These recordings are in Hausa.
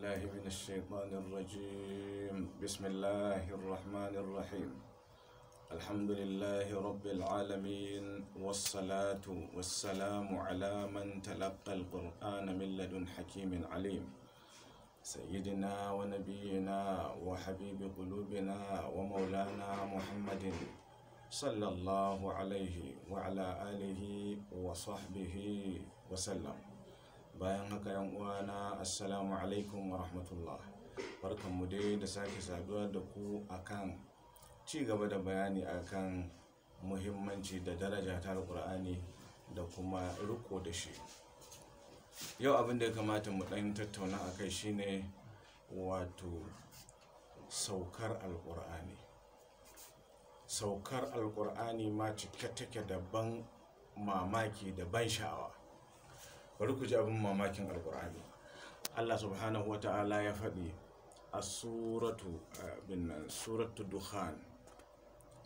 بالله من الشيطان الرجيم بسم الله الرحمن الرحيم الحمد لله رب العالمين والصلاة والسلام على من تلقى القرآن من لدن حكيم عليم سيدنا ونبينا وحبيب قلوبنا ومولانا محمد صلى الله عليه وعلى آله وصحبه وسلم bayan haka yan uwana assalamu alaikum wa rahmatullah mu dai da sake saduwa da ku akan ci gaba da bayani akan muhimmanci da daraja ta alkur'ani da kuma riko da shi yau abin da ya kamata mu ɗan tattauna a kai shine wato saukar alkur'ani saukar alkur'ani ma cike take da ban mamaki da ban sha'awa bari ku ji abin mamakin alkur'ani Allah subhanahu wa ta'ala ya faɗi a suratu nan suratu dukhan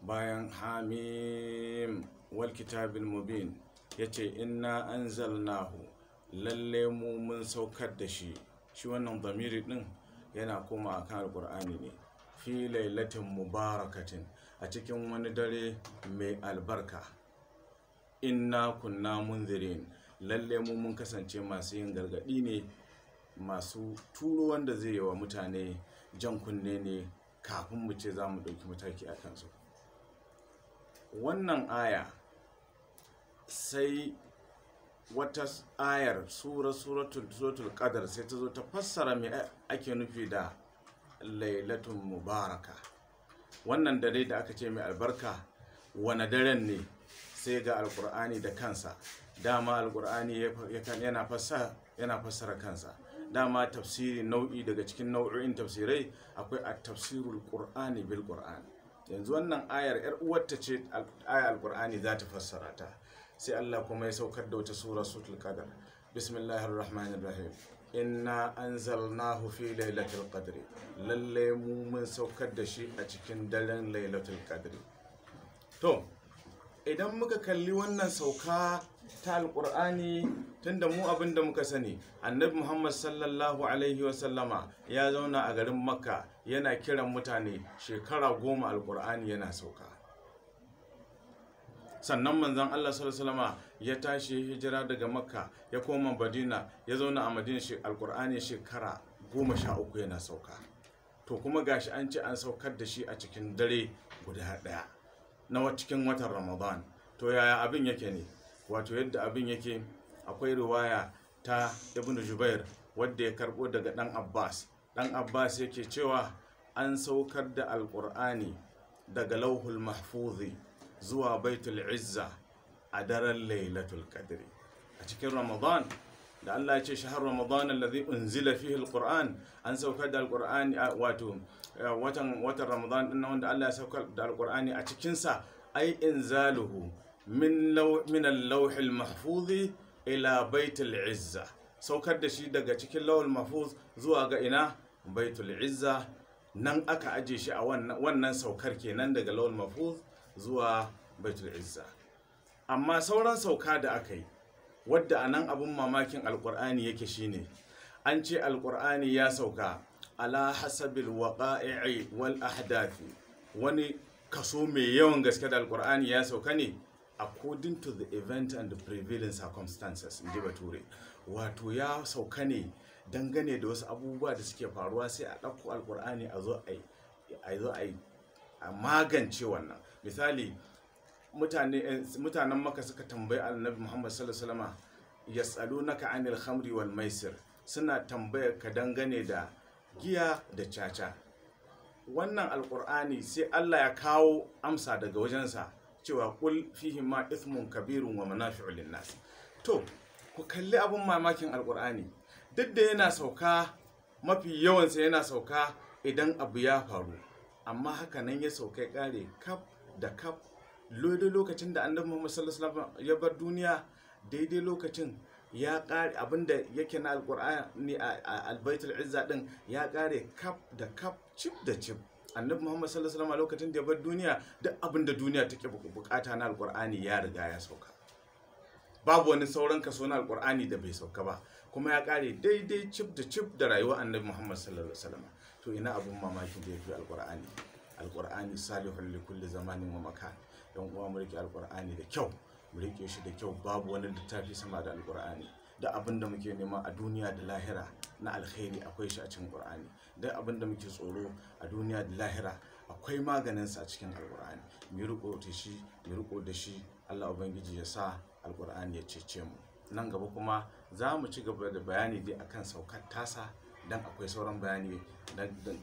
bayan hamim wal kitabil mubin ce inna anzalnahu lalle mu mun saukar da shi shi wannan zamiri din yana koma akan alkur'ani ne fi lailatin mubarakatin a cikin wani dare mai albarka inna kunna munzirin lalle mu mun kasance masu yin gargaɗi ne masu turo wanda zai yi wa mutane jan kunne ne kafin mu ce za mu ɗauki mataki a kansu wannan aya sai wata ayar sura suratul suratul qadar sai ta zo ta fassara me ake nufi da lailatul mubaraka wannan dare da aka ce mai albarka wane daren ne sai ga alkur'ani da kansa dama alkur'ani yana fassara yana fassara kansa dama tafsiri nau'i daga cikin nau'o'in tafsirai akwai a tafsirul qur'ani bil qur'ani yanzu wannan ayar yar uwarta ce ayar alkur'ani za ta fassara ta sai Allah kuma ya saukar da wata sura sutul qadar bismillahir rahmanir rahim inna anzalnahu fi lailatul qadri lalle mu mun saukar da shi a cikin daren lailatul qadri to idan muka kalli wannan sauka ta alƙur'ani tunda mu abin da muka sani annabi muhammad sallallahu alaihi wasallama ya zauna a garin makka yana kiran mutane shekara goma alƙur'ani yana sauka sannan manzan allah sallallahu ya tashi hijira daga makka ya koma Badina ya zauna a madina alƙur'ani shekara goma sha uku yana sauka to kuma gashi an ce an saukar da shi a cikin dare guda ɗaya na cikin watan ramadan to yaya abin yake ne wato yadda abin yake akwai riwaya ta ibn jubair wadda ya karbo daga dan abbas dan abbas yake cewa an saukar da alkur'ani daga lauhul mahfuzi zuwa baitul izza a daren lailatul qadri a cikin ramadan da Allah ya ce shahar Ramadan alladhi unzila fihi alquran an saukar da alqur'ani wato watan watan Ramadan din wanda Allah ya saukar da alqur'ani a cikin sa ai inzaluhu min lauhin mahfuzi ila baitul izza saukar da shi daga cikin lawal mafuz zuwa ga ina baitul izza nan aka aje shi a wannan saukar kenan daga lawal mahfuz zuwa baitul izza amma sauran sauka da aka yi wadda a nan abin mamakin alkur'ani yake shine an ce alkur'ani ya sauka ala hasabil waqa'i wal ahdafi wani kaso mai yawan gaske da alkur'ani ya sauka ne according to the event and the prevailing circumstances in bature wato ya sauka ne dangane da wasu abubuwa da suke faruwa sai a ɗauko alkur'ani a zo a a magance wannan misali eh, mutanen maka suka tambayi annabi muhammad sallallahu ya wasallam naka anil khamri wal maisir suna tambayar ka dangane da giya da caca wannan alkur'ani sai Allah ya kawo amsa daga wajensa cewa kul fihi ma ismun kabirun wa manafi'u linnas to ku kalli abun mamakin alkur'ani duk da yana sauka mafi yawansa yana sauka idan abu ya faru amma haka nan ya sauka kare kaf da kaf lodo lokacin da annabi Muhammad sallallahu alaihi wasallam ya bar duniya daidai lokacin ya kare abinda yake na alqur'ani a albaitul izza din ya kare kaf da kaf cif da cif annabi muhammad sallallahu alaihi wasallam lokacin da ya bar duniya duk abin da duniya take bukata na alqur'ani ya riga ya sauka babu wani sauran kaso na alqur'ani da bai sauka ba kuma ya kare daidai cif da cif da rayuwar annabi muhammad sallallahu alaihi wasallam to ina abin mamaki da ya fi alqur'ani alqur'ani salihun li kulli zamanin wa makan yan uwa mu rike alqur'ani da kyau mu rike shi da kyau babu wani littafi sama da alqur'ani da abin da muke nema a duniya da lahira na alkhairi akwai shi a cikin Qur'ani duk abin da muke tsoro a duniya da lahira akwai maganin sa a cikin Alkur'ani mu riko ta shi mu riko da shi Allah ubangiji ya sa Alkur'ani ya cece mu nan gaba kuma za mu ci gaba da bayani dai akan saukar tasa dan akwai sauran bayani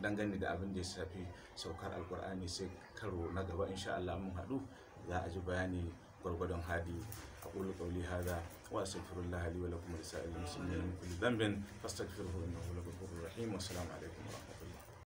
dangane da abin da ya shafi saukar alkur'ani sai karo na gaba insha Allah mun hadu za a ji bayani gwargwadon hali a ƙulu ƙauli hada wa astaghfirullah li wa lakum wa lisa'il muslimin min kulli dhanbin fastaghfiruhu innahu huwal ghafurur rahim wa assalamu alaikum wa rahmatullahi